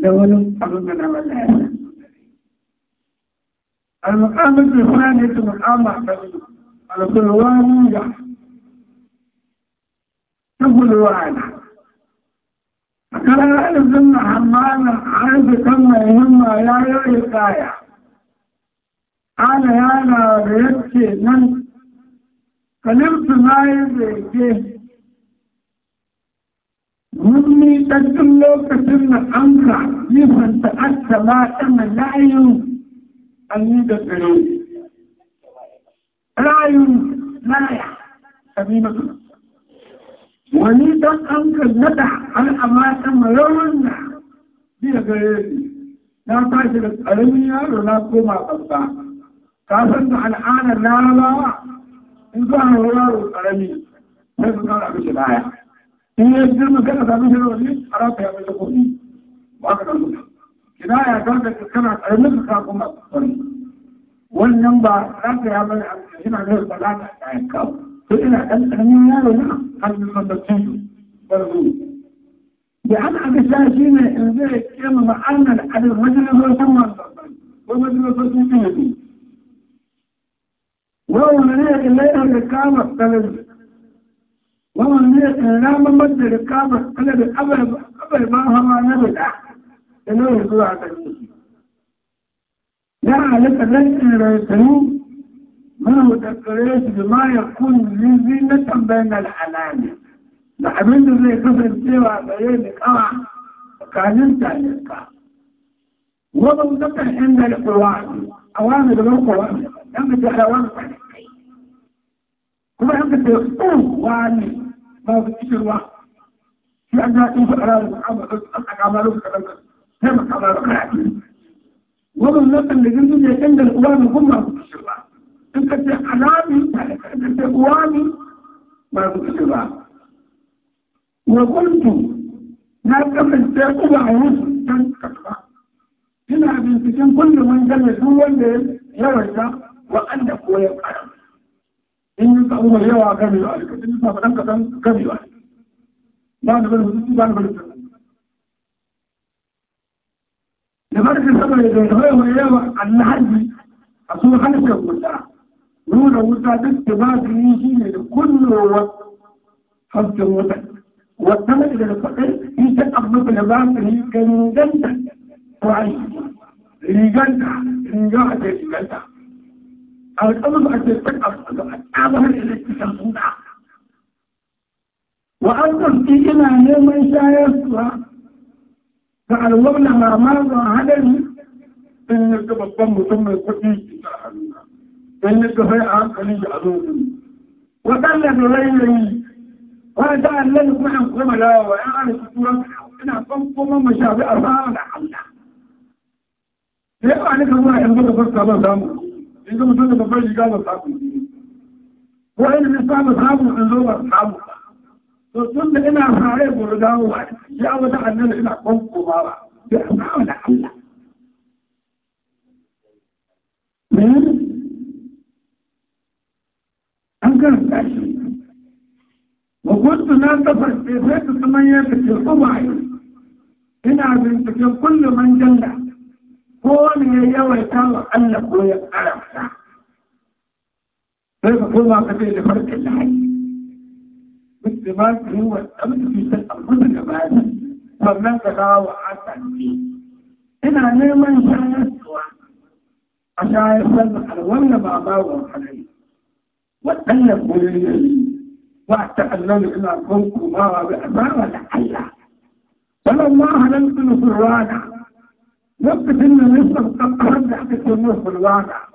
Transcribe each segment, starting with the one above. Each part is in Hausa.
da wani abin da na wallaya المقام الأمد الثانية الأمع القلوانية تقلوانا فكان أعرف أن حمانا عارف كم يهم يا يوي إقايا أنا يا أنا بيبكي من كلمت معي بيبكي مني تكتب لو كتبنا أمسح يفن تأتى ما أمن لا يمكن أن يدفنوا رأي لا سبيبة وليدا أنك ندع على أماكن رونا بيا غيري na tashi da ƙaramin yaro na koma ƙasa ka san da al'adar larabawa in za a yaro ƙarami sai su kara mishi baya in yi girma kada sami shi rauni a rafa ya mishi kuɗi ba ka da mutum kinaya don da kana karamin ka kuma kuskure wannan ba za ka ya bari a yana da salata ta ya kawo to ina dan karamin yaro na hannun mabacin barzu da an aka sha shi ne in zai kema ma'anar adin majalisoshin manzanni ko majalisoshin ilimi ومن يأتي الليلة الركابة الثلاثة ومن يأتي الليلة الركابة الثلاثة أبل أبل ما هو نبدأ sanar zuwa gare shi ya halitta lantirar sanu mana daskare shi da ma ya kun lizi na tambayin al'alami da abin da zai kasancewa gare da kawa tsakanin talirka wani zakar inda da kowa a wani da ban kowa dan da ta wani kwanakai kuma yanka ta yi wani ba su cikin ruwa shi an ja in faɗa da al'amari a tsakanin lokacin كما قال القائل ومن لقى الذين يتند القوام هم الله انت في حلامي انت في قوامي ما تقول الله وقلت لا تفل تقوى عوز تنكتبا هنا بنتكين كل من جلس هو اللي يرجع وعندك ويقرب إن يتقوى يوى كمي وعليك إن يتقوى كمي وعليك ما نقول ما نقول harshen sama da zaizayewa yawa annahaji a sun harshen wuta nuna wuta duk da ba su yi shi ne da kullowa harshen wuta wata mai da faɗin yi ta abubuwa da ba su yi ganganta kwari riganta riga a ce riganta alƙalus a ce ta ƙasar da ta suna wa an ƙasƙi ina neman shayarwa فعلمنا ما مر عليه in yadda babban mutum mai kuɗi a hannu in yadda sai a hankali da azo da ni waɗanda da rairayi wani ta Allah ne kuma an koma dawowa ya ana su turan ina son koma mu shafi a fara da Allah sai a nika zuwa yanzu da fuska ban samu yanzu mutum da babban riga ban samu ko ilimin samun samu in zo ban samu to tun da ina hare burgawa ya wata annabi ina kwankomawa da amma da Allah an kan tashi wa kuntu na tafar sai sai ta kuma ya tafi kuma ina binciken kullum man jalla ko wani ya yawaita wa Allah ko ya karanta sai ka koma ka ce da farkin lahi بالدماغ هو الأمن في الأمن الأمان فما تداوى عسل فيه إنا نيمان شايسوا عشان يسلم على ولا ما باوى عليه وأتلم واعتقد وأتألم إلى كنكم ما بأبا ولا فلما هللت نصرانا نبت إن نصر قد أخذ في النصر الواقع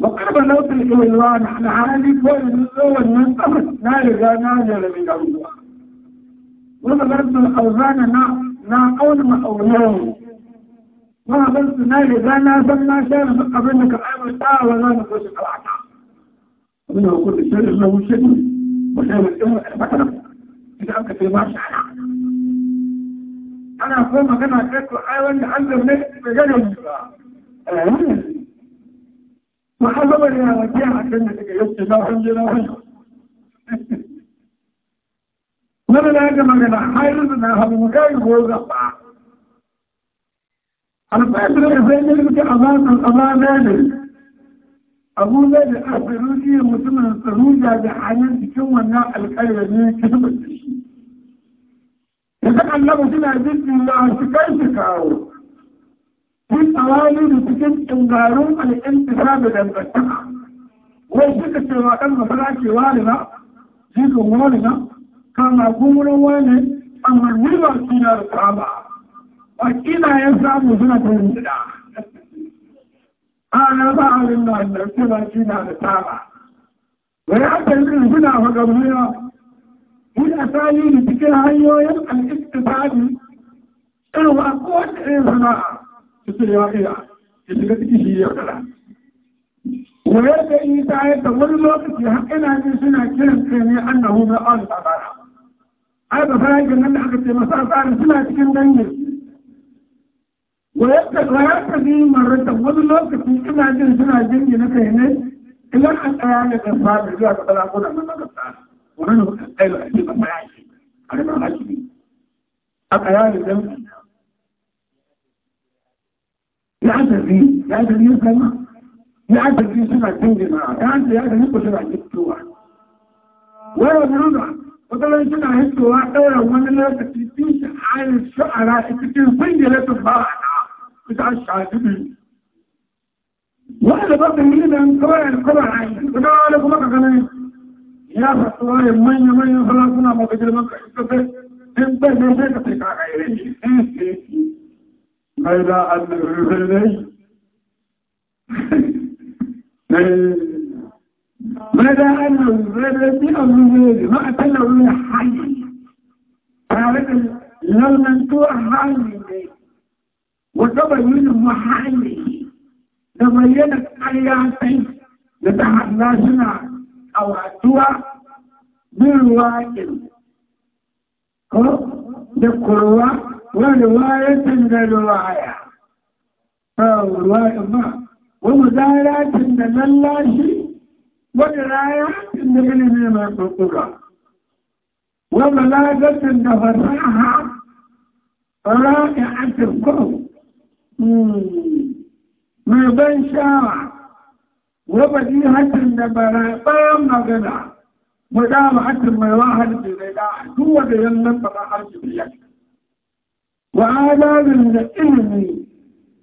وقرب نطلق الوان عن عالي كل الأول من قبل نالغا نازل من الله وضربت الأوزان نا أول ما أولون وضربت نالغا نازل ما شان قبلك أيضا تا ولا نخش العطاء هو كل شيء له شيء وشيء الأمر فترة إذا أنت في ما شاء أنا أقول ما كان أكلت أيضا عندهم نجد بجانب محمد يا وديع كنا يوسف لا حول ولا قوة nan na ga magana hayar da na hannu kai ko ga ba alfaɗin da sai ne muke amanan amana ne abu ne da asiruki mutumin tsaruja da hanyar cikin wannan alƙaira ne kirmin da shi da kan annabi suna jirgin da shi kai shi kawo mun tsawani rikicin tsungarun al'intisa da dangantaka wai suka ce wa ɗan masana ce wani na jikin wani na kama gumurin wani amma ribar suna da kama wakila ya samu suna turin gida ana ba a rinna da suna suna da kama wai aka yi rin suna fagabuwa mun asali da cikin hanyoyin al'intisa ne irin wa kowace irin sana'a ya shiga ciki shi ya yaudara wayar da isa ya ta wani lokaci har ina jin suna kiran kai ne annahu na al tsara ai ba fara nan da aka ce masa tsara suna cikin dangin wayar da wayar da ni marrata wani lokaci ina jin suna jingi na kai ne idan an tsaya ne da fara zuwa ga balaguna na magabta wannan ne kai da ake ba ya shi a rimar hakimi a tsaya da dangin يعدل فيه يعدل يسمع يعدل فيه سمع تنجي معه يعدل يعدل يبقى سمع جبتوع ولا بنضع وطلع سمع هدوع ايه وانا لا تتيش على الشعراء تتنصي لا تتبارع بتعش على سبيل وانا برضه من ان قرأ القرى عين وده لك مكة كمان يا فتوى من يمين خلاصنا ما بجل مكة انت بس انت بس انت بس غير أن يغفرني ماذا أن يغفرني أمري ما أتلو من حي تعرف لو منتوع حي وتبين محلي تبينت حياتي لتحدثنا أو أتوى بالواجب كو ذكروا ورواية للرواية أو رواية ما ومدايرة للاشي ودراية للعلم المنطقة وبلاغة لفصاحة رائعة القوم من بين شارع وبديهة لبراء مغنى مدامحة من واحد بغناء هو بيمن بغناء حرج بالله وعلى من العلم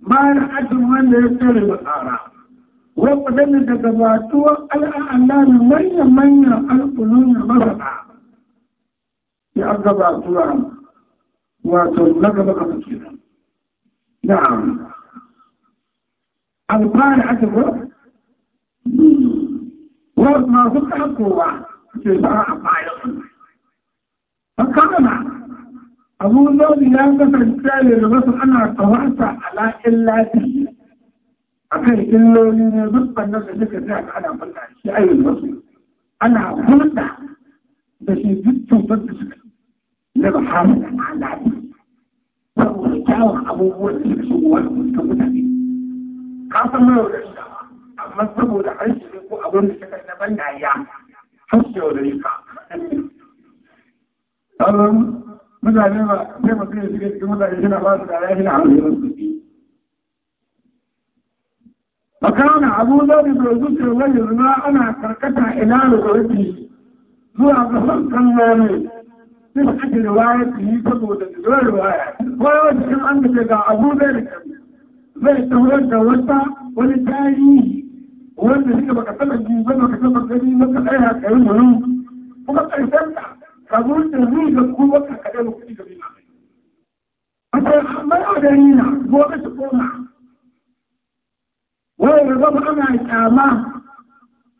ما الحجم من يتلم الآراء وقدم تقباتوا الأعلام من من القلون مرضى يا أقباتوا وتلقب قبطيرا نعم القارعة وما فقه القوة في الصراع قائلة فكرنا abu zaudi ya kasance da rasu ana tsawarsa ala illati a kan illoli ne dukkan da suka ce a ana hulɗa shi ayyul rasu ana hulɗa da shi duk cutar da suka na ba hamu da ma'alaɗi saboda kyawun abubuwan da suka shigo wani mutum mutane ka san mai wurin da amma saboda an shi ko abin da suka na ban da ya har shi yau da yi ka mutane ba sai mutum ya shiga cikin mutane shi na ba su فكان أبو ذر بيزوج الله ما أنا تركتها إلى رؤيته زوى بصر كلامي تسعة روايته تبوت الرواية ويوجد أن تدع أبو ذر زي تولد دوستا ولتاريه وأن هي بكتبة جيبان هو جريمة كأيها كأيها وقد أيسرتها ka zo da zai ga kowa ka kaɗa da kuɗi ga bima mai. Akwai hamara da nina gobe su koma. Wai da zama ana kyama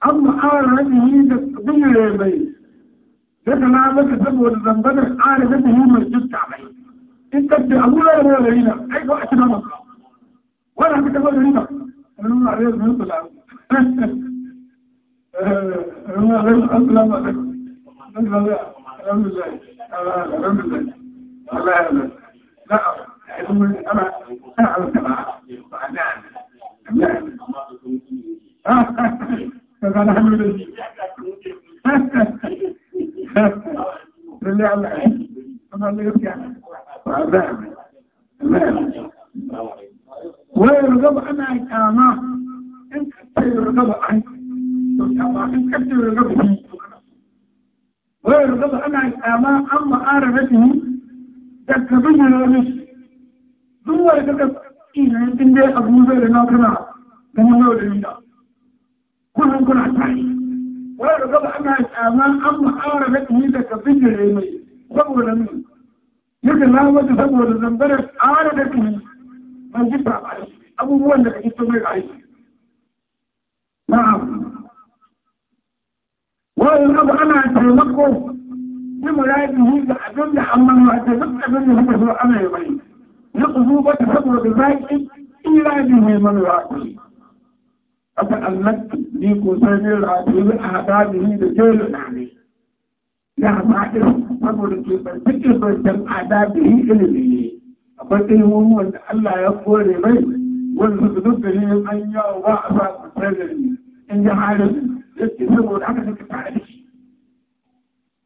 an ma'ara rabihi da binyare mai. Da ta na maka saboda zambatar ƙara da ta yi mai jiska mai. In ka ce abu da rabuwa da nina ai ko a ci gama. Wani haka ta zo da nina. Wani ma'ara da nina kula. Wani ma'ara da nina kula. Wani ma'ara da nina kula. الحمد لله الحمد لله الله يعلم لا انا انا على الجماعه بعدين فقال الحمد لله لله على الحمد الله يرجع بعدين ويرغب عن أيتامه إن كنت يرغب عنك إن كنت يرغب عنك أنا عن الآباء عن معارفته تكتبين الرمش ثم يتكتب إذا إيه، يمكن يعني دي أبو زير ناظرنا كما نقول لنا كلهم كنا عشاني أنا عن الآباء عن معارفته تكتبين الرمش صبر الرمش يقول لا وجه صبر الزنبرة عارفته من جبرة عليه أبو بوان لك يستمر عليه نعم والرب أنا أتعلقه بملايبه لأجل أما ما أتعلق أجل هدفه أنا يبين لقضوبة حضرة ذلك إلى به من رأيه أتألقت ليكو سيدي رأيه بأعداده لجيل عليه ya faɗi saboda ke barbaɗe barbaɗen ada da yi ilimi ne akwai ilimin wanda Allah ya kore mai wanda su duk da ne an yawo ba a sa su tsaye in ji halin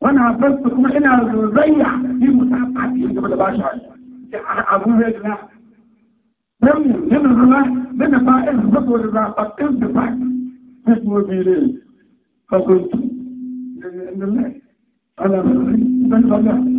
وانا بس كما انا مزيح في مساعدتي اللي ما باش ابو هيك لم من الرماح من فائز بطول الرافق انتفاع اسمه بيلين فقلت لله انا من الله